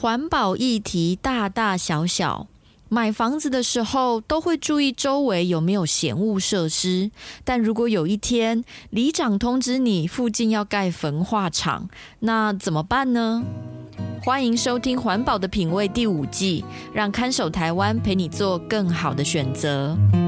環保議題大大小小，買房子的時候都會注意周圍有沒有嫌惡設施。但如果有一天里長通知你附近要蓋焚化廠，那怎麼辦呢？歡迎收聽《環保的品味》第五季，讓看守台灣陪你做更好的選擇。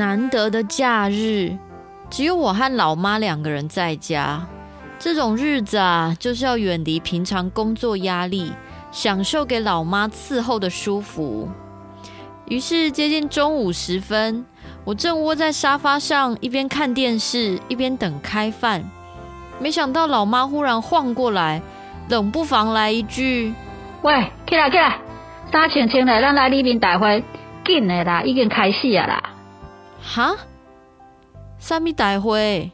難得的假日，只有我和老媽兩個人在家。這種日子啊，就是要遠離平常工作壓力，享受給老媽伺候的舒服。於是接近中午時分，我正窩在沙發上一邊看電視一邊等開飯，沒想到老媽忽然晃過來，冷不防來一句：“喂，起來起來，衫穿穿嘞，咱來里民大會，緊嘞啦，已經開始啊啦。”哈！三米大會，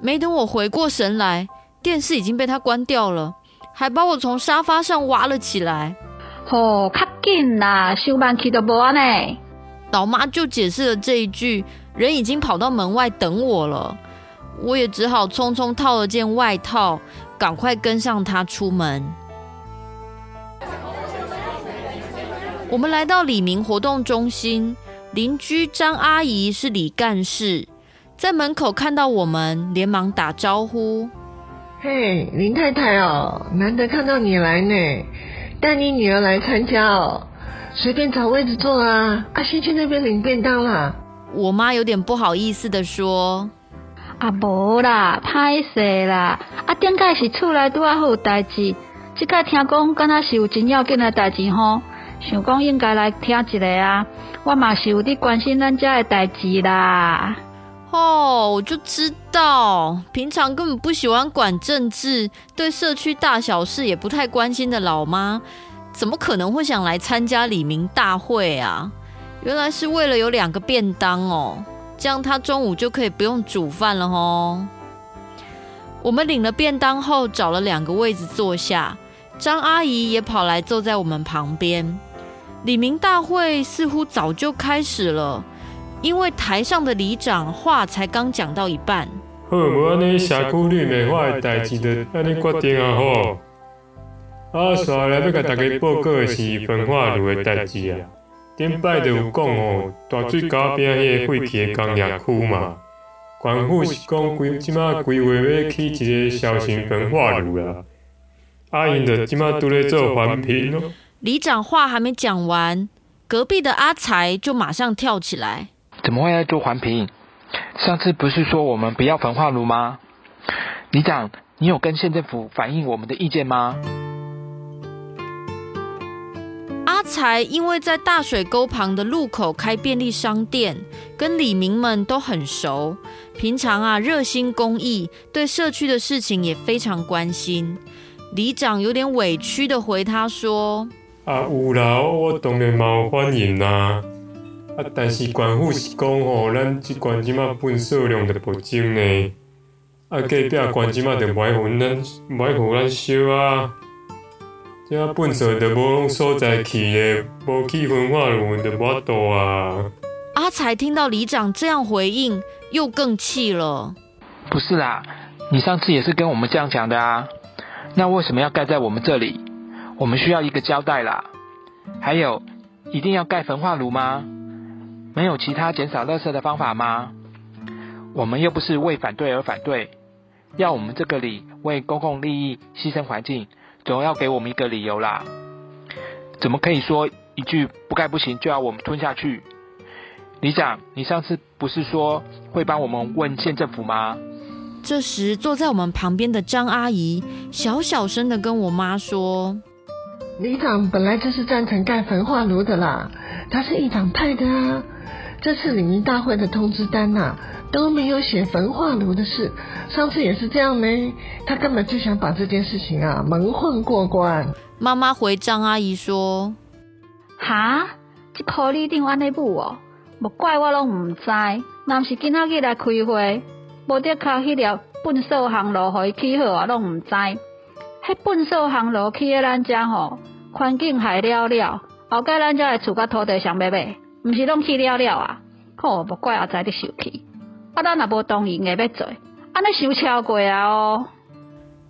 沒等我回過神來，電視已經被他關掉了，還把我從沙發上挖了起來。吼，卡緊啊！修板器都不完呢。老媽就解釋了這一句，人已經跑到門外等我了。我也只好匆匆套了件外套，趕快跟上他出門。我們來到里民活動中心。鄰居張阿姨是里幹事，在門口看到我們，連忙打招呼：“嘿，Hey，林太太哦，難得看到你來呢，帶你女兒來參加哦，隨便找位置坐啊，啊，先去那邊領便當啦。”我媽有點不好意思的說：“啊，無啦，歹勢啦，啊，頂個是出來都要好有代志，即個聽講敢若是有真要緊的代志吼，想講應該來聽一下啊。”我嘛是有點關心咱家的代志啦，哦，我就知道，平常根本不喜歡管政治，對社區大小事也不太關心的老媽，怎麼可能會想來參加里民大會啊？原來是為了有兩個便當哦，這樣她中午就可以不用煮飯了哦。我們領了便當後，找了兩個位置坐下，張阿姨也跑來坐在我們旁邊。里民大會似乎早就開始了，因為台上的里長話才剛講到一半。好，我尼下社區美化的代志就安尼決定啊。”“好。阿下來要給大家報告的是焚化爐的代志啊。頂擺就有講哦，大水隔壁那個廢棄的工業區嘛，政府是講規今仔規劃要起一個小型焚化爐啊。阿英的今仔拄在做環評咯。里長話還沒講完，隔壁的阿才就馬上跳起來：“怎麼會要做環評？上次不是說我們不要焚化爐嗎？”里長，你有跟縣政府反映我們的意見嗎？阿、啊、才因為在大水溝旁的路口開便利商店，跟里民們都很熟，平常啊熱心公益，對社區的事情也非常關心。里長有點委屈地回他說。啊有啦，我，我當然嘛歡迎啦。啊，但是縣府是講吼、哦，咱即款即馬糞數量在暴增呢。啊，隔壁縣即馬着埋怨咱，埋怨咱燒啊。即啊糞掃着無往所在去的無去焚化了，就無多啊。阿財聽到里長這樣回應，又更氣了。不是啦，你上次也是跟我們這樣講的啊。那為什麼要蓋在我們這裡？我們需要一個交代啦！還有，一定要蓋焚化爐嗎？沒有其他減少垃圾的方法嗎？我們又不是為反對而反對，要我們這個里為公共利益犧牲環境，總要給我們一個理由啦！怎麼可以說一句不蓋不行就要我們吞下去？里長，你上次不是說會幫我們問縣政府嗎？這時，坐在我們旁邊的張阿姨小小聲的跟我媽說。李黨本來就是贊成蓋焚化爐的啦，他是議長派的啊。這次里民大會的通知單吶、啊、都沒有寫焚化爐的事，上次也是這樣呢，他根本就想把這件事情啊蒙混過關。媽媽回張阿姨說：“哈，這可你定安尼補哦？莫怪我攏唔知，那是今仔日來開會，無得考迄條糞掃行路回去起我攏唔知。”糞掃行路去，咱家吼環境還了了，後蓋咱家來厝甲土地上買買，不是攏去了了啊！好，不怪阿財你受氣，啊咱也無同意，硬要做，阿你收超過啊、喔！哦，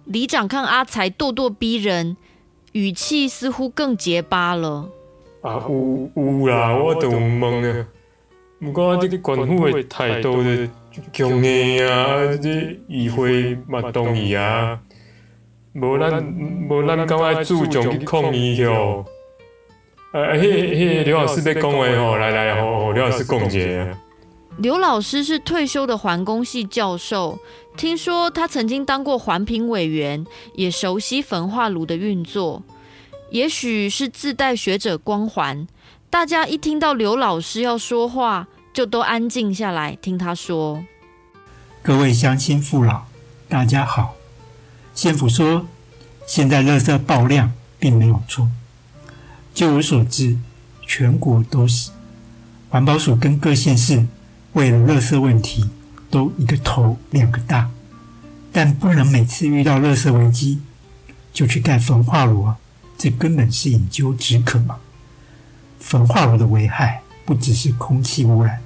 里長看阿財咄，咄咄逼人，語氣似乎更結巴了。啊，有有啦，我都懵了，不過這個官府會態度是強硬啊，這議會不懂伊啊。無咱無咱，感覺住重去抗議吼。呃，迄迄劉老師在講話吼，來來吼，劉、喔、老師共解。劉老師是退休的環工系教授，聽說他曾經當過環評委員，也熟悉焚化爐的運作。也許是自帶學者光環，大家一聽到劉老師要說話，就都安靜下來聽他說。各位鄉親父老，大家好！縣府說，現在垃圾爆量並沒有錯。據我所知，全國都是環保署跟各縣市為了垃圾問題都一個頭兩個大，但不能每次遇到垃圾危機就去蓋焚化爐，這根本是飲鴆止渴嘛。焚化爐的危害不只是空氣污染，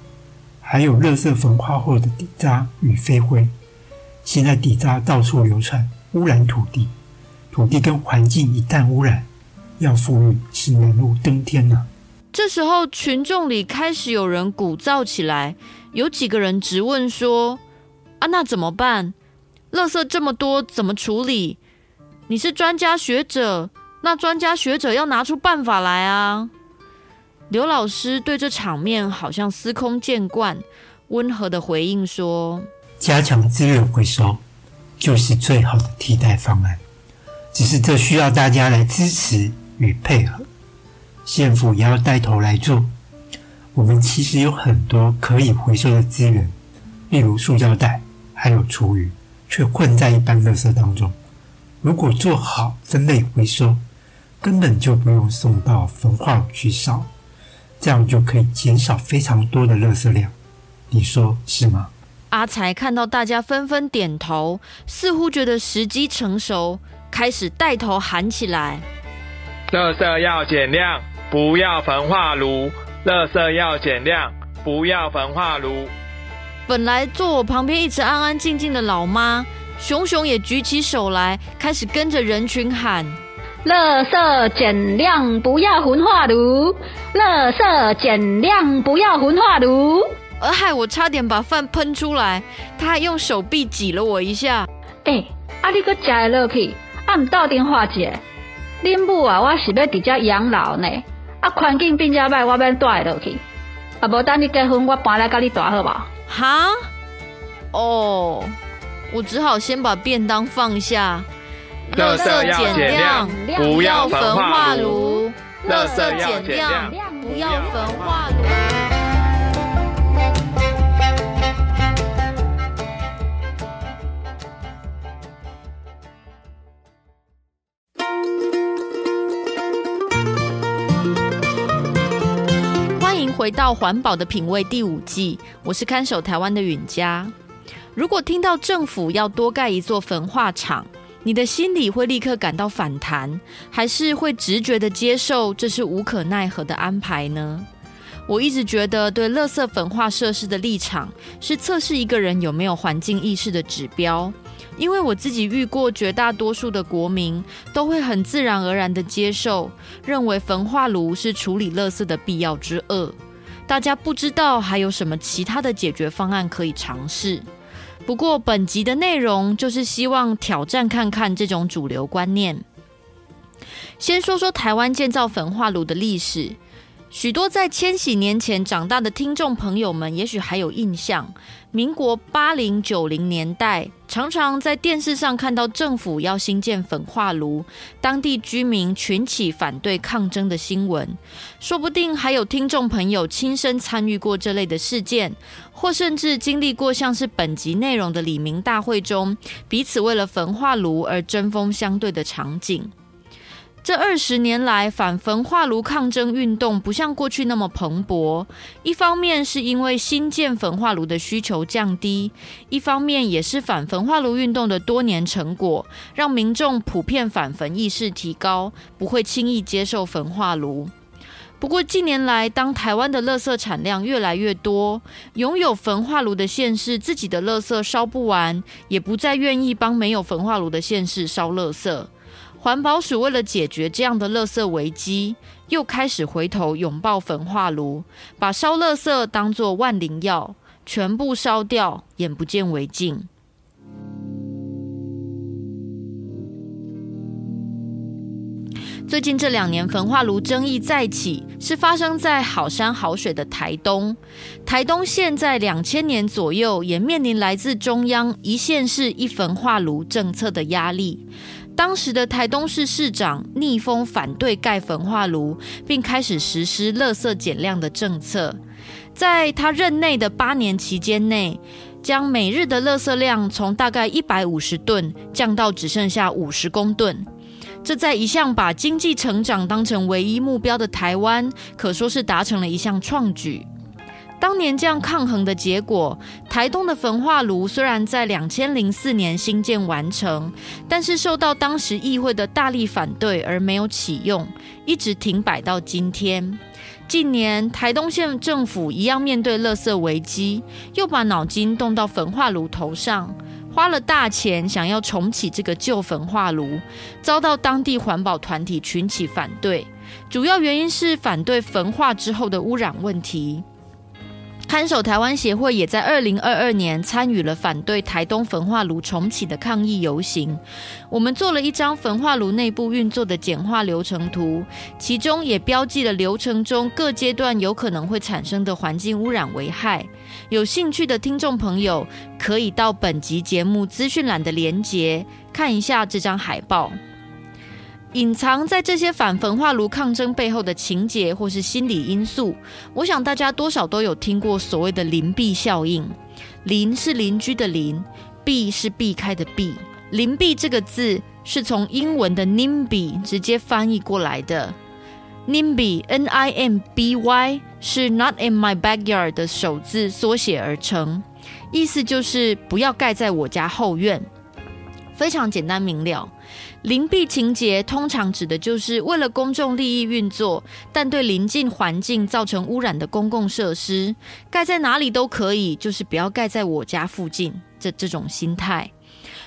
還有垃圾焚化後的底渣與飛灰，現在底渣到處流竄。污染土地，土地跟環境一旦污染，要復育是難如登天吶、啊。這時候群眾裡開始有人鼓噪起來，有幾個人質問說：“啊，那怎麼辦？垃圾這麼多怎麼處理？你是專家學者，那專家學者要拿出辦法來啊！”劉老師對這場面好像司空見慣，溫和的回應說：“加強資源回收。”就是最好的替代方案，只是這需要大家來支持與配合。縣府也要帶頭來做。我們其實有很多可以回收的資源，例如塑膠袋，還有廚餘，卻混在一般垃圾當中。如果做好分類回收，根本就不用送到焚化爐去燒，這樣就可以減少非常多的垃圾量。你說是嗎？阿才看到大家紛紛點頭，似乎覺得時機成熟，開始帶頭喊起來：“垃圾要減量，不要焚化爐。垃圾要減量，不要焚化爐。”本來坐我旁邊一直安安靜靜的老媽，熊熊也舉起手來，開始跟着人群喊：“垃圾減量，不要焚化爐。垃圾減量，不要焚化爐。”而、哎、害我差點把飯噴出來，他還用手臂擠了我一下。哎、欸啊，啊，你個假的落去，俺到電話接。恁母啊，我是要在家養老呢。啊，環境變真歹，我變帶落去。啊，無等你結婚，我搬來給你帶。好吧？哈？哦，我只好先把便當放下。垃圾減量，不要焚化爐。垃圾減量，不要焚化爐。回到環保的品味第五季，我是看守台灣的允嘉。如果聽到政府要多蓋一座焚化廠，你的心裡會立刻感到反彈，還是會直覺地接受這是無可奈何的安排呢？我一直覺得對垃圾焚化設施的立場是測試一個人有沒有環境意識的指標，因為我自己遇過絕大多數的國民都會很自然而然地接受，認為焚化爐是處理垃圾的必要之惡。大家不知道還有什麼其他的解決方案，可以嘗試，不過本集的內容就是希望挑戰看看這種主流觀念。先說說台灣建造焚化爐的歷史。許多在千禧年前長大的聽眾朋友們，也許還有印象，民國八零九零年代，常常在電視上看到政府要興建焚化爐，當地居民群起反對抗爭的新聞。說不定還有聽眾朋友親身參與過這類的事件，或甚至經歷過像是本集內容的里民大會中，彼此為了焚化爐而針鋒相對的場景。這二十年來，反焚化爐抗爭運動不像過去那麼蓬勃。一方面是因為新建焚化爐的需求降低，一方面也是反焚化爐運動的多年成果，讓民眾普遍反焚意識提高，不會輕易接受焚化爐。不過近年來，當台灣的垃圾產量越來越多，擁有焚化爐的縣市自己的垃圾燒不完，也不再願意幫沒有焚化爐的縣市燒垃圾。環保署為了解決這樣的垃圾危機，又開始回頭擁抱焚化爐，把燒垃圾當作萬靈藥，全部燒掉，眼不見為淨。最近這兩年，焚化爐爭議再起，是發生在好山好水的台東。台東縣在兩千年左右也面臨來自中央“一縣市一焚化爐”政策的壓力。當時的台東市市長逆風反對蓋焚化爐，並開始實施垃圾減量的政策。在他任內的八年期間內，將每日的垃圾量從大概一百五十噸降到只剩下五十公噸。這在一向把經濟成長當成唯一目標的台灣，可說是達成了一項創舉。當年這樣抗衡的結果，台東的焚化爐雖然在2004年新建完成，但是受到當時議會的大力反對而沒有啟用，一直停擺到今天。近年台東縣政府一樣面對垃圾危機，又把腦筋動到焚化爐頭上，花了大錢想要重啟這個舊焚化爐，遭到當地環保團體群起反對，主要原因是反對焚化之後的污染問題。看守台灣協會也在二零二二年參與了反對台東焚化爐重啟的抗議遊行。我們做了一張焚化爐內部運作的簡化流程圖，其中也標記了流程中各階段有可能會產生的環境污染危害。有興趣的聽眾朋友可以到本集節目資訊欄的連結看一下這張海報。隱藏在這些反焚化爐抗爭背後的情節或是心理因素，我想大家多少都有聽過所謂的“鄰避效應”。鄰是鄰居的鄰，避是避開的避。鄰避這個字是從英文的 NIMBY 直接翻譯過來的，NIMBY，N-I-M-B-Y 是 “Not in my backyard” 的首字縮寫而成，意思就是不要蓋在我家後院。非常簡單明了，鄰避情結通常指的就是為了公眾利益運作，但對臨近環境造成污染的公共設施，蓋在哪裡都可以，就是不要蓋在我家附近。這這種心態，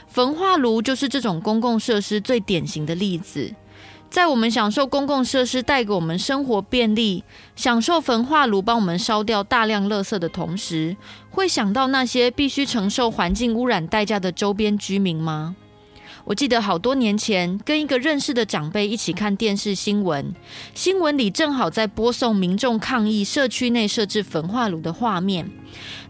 焚化爐就是這種公共設施最典型的例子。在我們享受公共設施帶給我們生活便利，享受焚化爐幫我們燒掉大量垃圾的同時，會想到那些必須承受環境污染代價的周邊居民嗎？我記得好多年前跟一個認識的長輩一起看電視新聞，新聞裡正好在播送民眾抗議社區內設置焚化爐的畫面。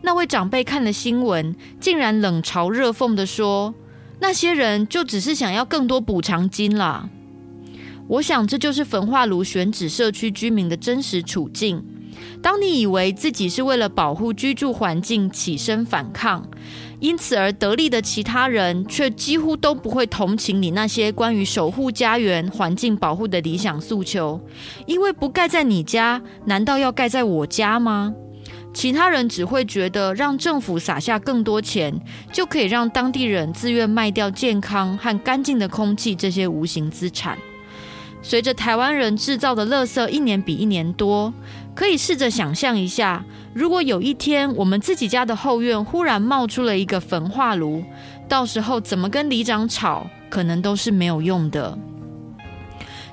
那位長輩看了新聞，竟然冷嘲熱諷地說：“那些人就只是想要更多補償金啦”。我想這就是焚化爐選址社區居民的真實處境。當你以為自己是為了保護居住環境起身反抗，因此而得利的其他人，卻幾乎都不會同情你那些關於守護家園、環境保護的理想訴求。因為不蓋在你家，難道要蓋在我家嗎？其他人只會覺得，讓政府撒下更多錢，就可以讓當地人自願賣掉健康和乾淨的空氣這些無形資產。隨着台灣人製造的垃圾一年比一年多，可以試着想象一下，如果有一天我們自己家的後院忽然冒出了一個焚化爐，到時候怎麼跟里長吵，可能都是沒有用的。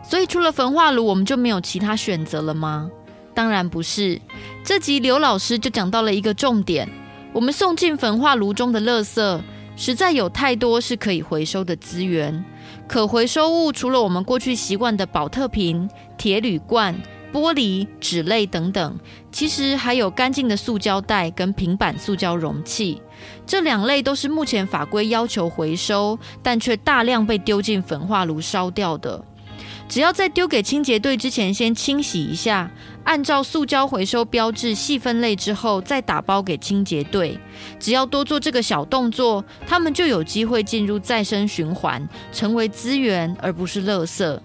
所以除了焚化爐，我們就沒有其他選擇了嗎？當然不是。這集劉老師就講到了一個重點：我們送進焚化爐中的垃圾，實在有太多是可以回收的資源。可回收物除了我們過去習慣的寶特瓶、鐵鋁罐、玻璃、紙類等等，其實還有乾淨的塑膠袋跟平板塑膠容器。這兩類都是目前法規要求回收，但卻大量被丟進焚化爐燒掉的。只要在丟給清潔隊之前先清洗一下，按照塑膠回收標誌細分類之後再打包給清潔隊。只要多做這個小動作，他們就有機會進入再生循環，成為資源而不是垃圾。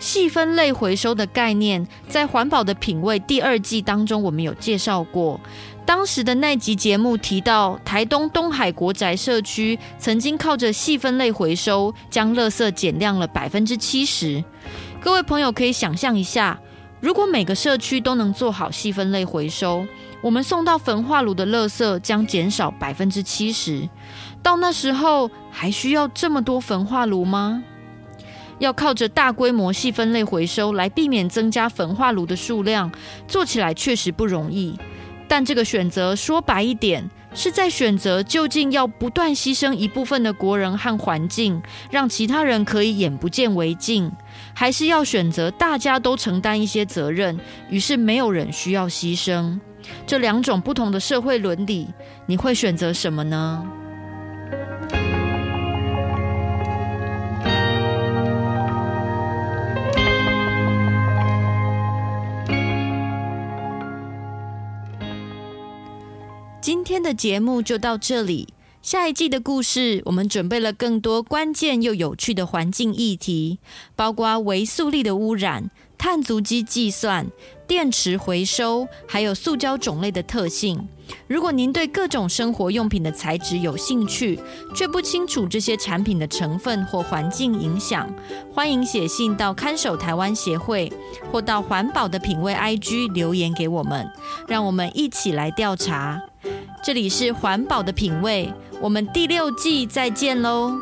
細分類回收的概念，在環保的品味第二季當中，我們有介紹過。當時的那集節目提到，台東東海國宅社區曾經靠着細分類回收，將垃圾減量了百分之七十。各位朋友可以想象一下，如果每個社區都能做好細分類回收，我們送到焚化爐的垃圾將減少百分之七十。到那時候，還需要這麼多焚化爐嗎？要靠着大規模細分類回收來避免增加焚化爐的數量，做起來確實不容易。但這個選擇，說白一點，是在選擇究竟要不斷犧牲一部分的國人和環境，讓其他人可以眼不見為淨，還是要選擇大家都承擔一些責任，於是沒有人需要犧牲。這兩種不同的社會倫理，你會選擇什麼呢？今天的節目就到這裡。下一季的故事，我們準備了更多關鍵又有趣的環境議題，包括微塑粒的汙染、碳足跡計算、電池回收，還有塑膠種類的特性。如果您對各種生活用品的材質有興趣，卻不清楚這些產品的成分或環境影響，歡迎寫信到看守台灣協會，或到環保的品味 IG 留言給我們，讓我們一起來調查。這裡是環保的品味，我們第六季再見嘍。